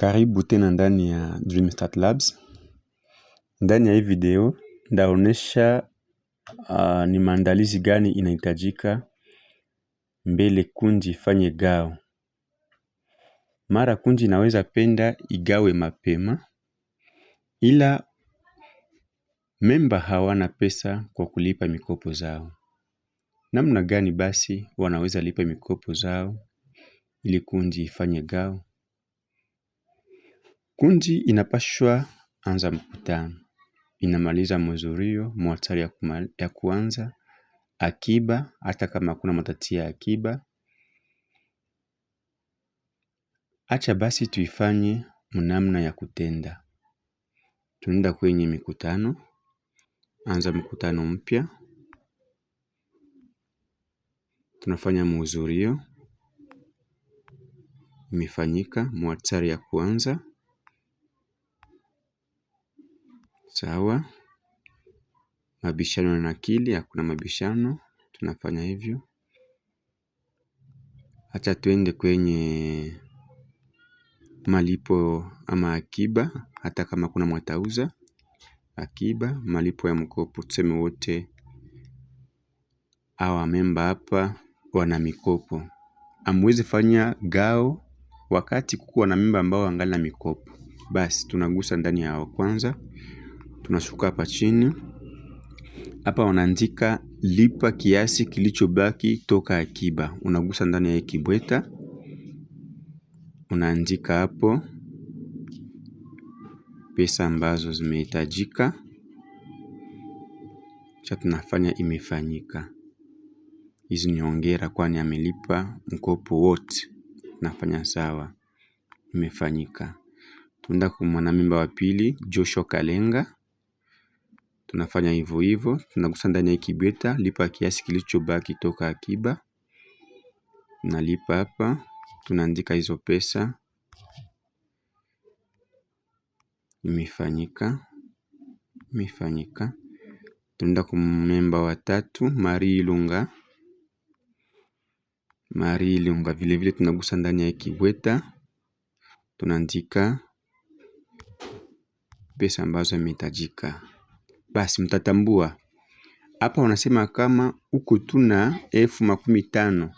Karibu tena ndani ya Dreamstart Labs. Ndani ya hii video ndaonesha uh, ah, ni maandalizi gani inahitajika mbele kunji ifanye gao. Mara kunji inaweza penda igawe mapema, ila memba hawana pesa kwa kulipa mikopo zao. Namna gani basi wanaweza lipa mikopo zao ili kunji ifanye gao? Kunji inapashwa anza mkutano. Inamaliza mhudhurio, mwatari ya kuanza, akiba, hata kama hakuna matatizo ya akiba. Acha basi tuifanye mnamna ya kutenda. Tunaenda kwenye mikutano, anza mkutano mpya, tunafanya mhudhurio, imefanyika, mwatari ya kuanza. Sawa, mabishano na akili, hakuna mabishano, tunafanya hivyo. Acha tuende kwenye malipo ama akiba, hata kama kuna mwatauza. Akiba, malipo ya mkopo, tuseme wote hawa memba hapa wana mikopo. amwezi fanya gao wakati wana memba ambao angali na mikopo. Basi, tunagusa ndani ya hao kwanza tunashuka hapa chini. Hapa wanaandika lipa kiasi kilichobaki toka akiba. Unagusa ndani ya kibweta, unaandika hapo pesa ambazo zimehitajika, cha tunafanya imefanyika. Hizi ni hongera, kwani amelipa mkopo wote. Nafanya sawa, imefanyika. Tuenda kwa mwanamimba wa pili Joshua Kalenga Tunafanya hivyo hivyo, tunagusa ndani ya kibeta, lipa kiasi kilichobaki toka akiba. Nalipa hapa, tunaandika hizo pesa. Imefanyika, imefanyika. Tunaenda kwa memba wa tatu, Mari Ilunga. Mari Ilunga, vile vile tunagusa ndani ya kibweta. Tunaandika pesa ambazo imehitajika basi mtatambua. Hapa wanasema kama uko tuna elfu makumi tano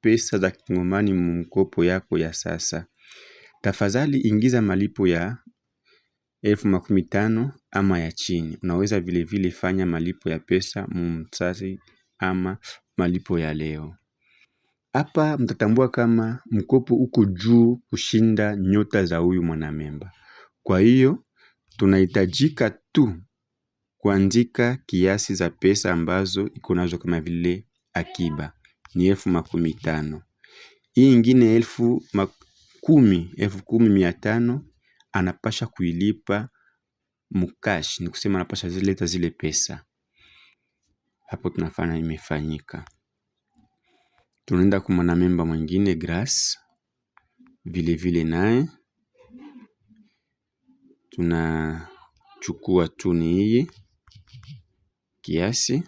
pesa za kikongomani mkopo yako ya sasa, tafadhali ingiza malipo ya elfu makumi tano ama ya chini. Unaweza vilevile vile fanya malipo ya pesa mumsasi ama malipo ya leo. Hapa mtatambua kama mkopo uko juu kushinda nyota za huyu mwanamemba, kwa hiyo tunahitajika tu kuandika kiasi za pesa ambazo iko nazo kama vile akiba ni elfu makumi tano. Hii ingine elfu kumi, elfu kumi mia tano anapasha kuilipa mukashi, ni kusema anapasha zileta zile pesa. Hapo tunafanya imefanyika. Tunaenda kumana memba mwingine Grace, vile vile naye tunachukua ni hii kiasi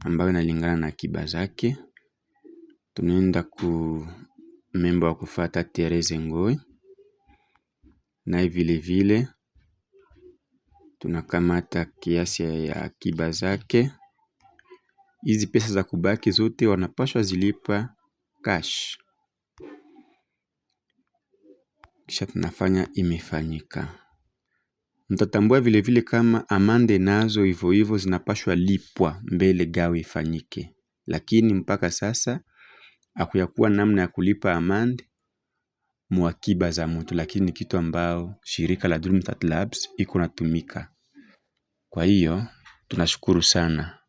ambayo inalingana na akiba zake. Tunaenda ku memba wa kufata Therese Ngoi, naye vile vile tunakamata kiasi ya akiba zake. Hizi pesa za kubaki zote wanapashwa zilipa cash. kisha tunafanya imefanyika. Mtatambua vile vile kama amande nazo hivyo hivyo zinapashwa lipwa mbele gawe ifanyike. Lakini mpaka sasa hakuyakuwa namna ya kulipa amande mwakiba za mtu, lakini kitu ambao shirika la Dream Start Labs iko natumika. Kwa hiyo tunashukuru sana.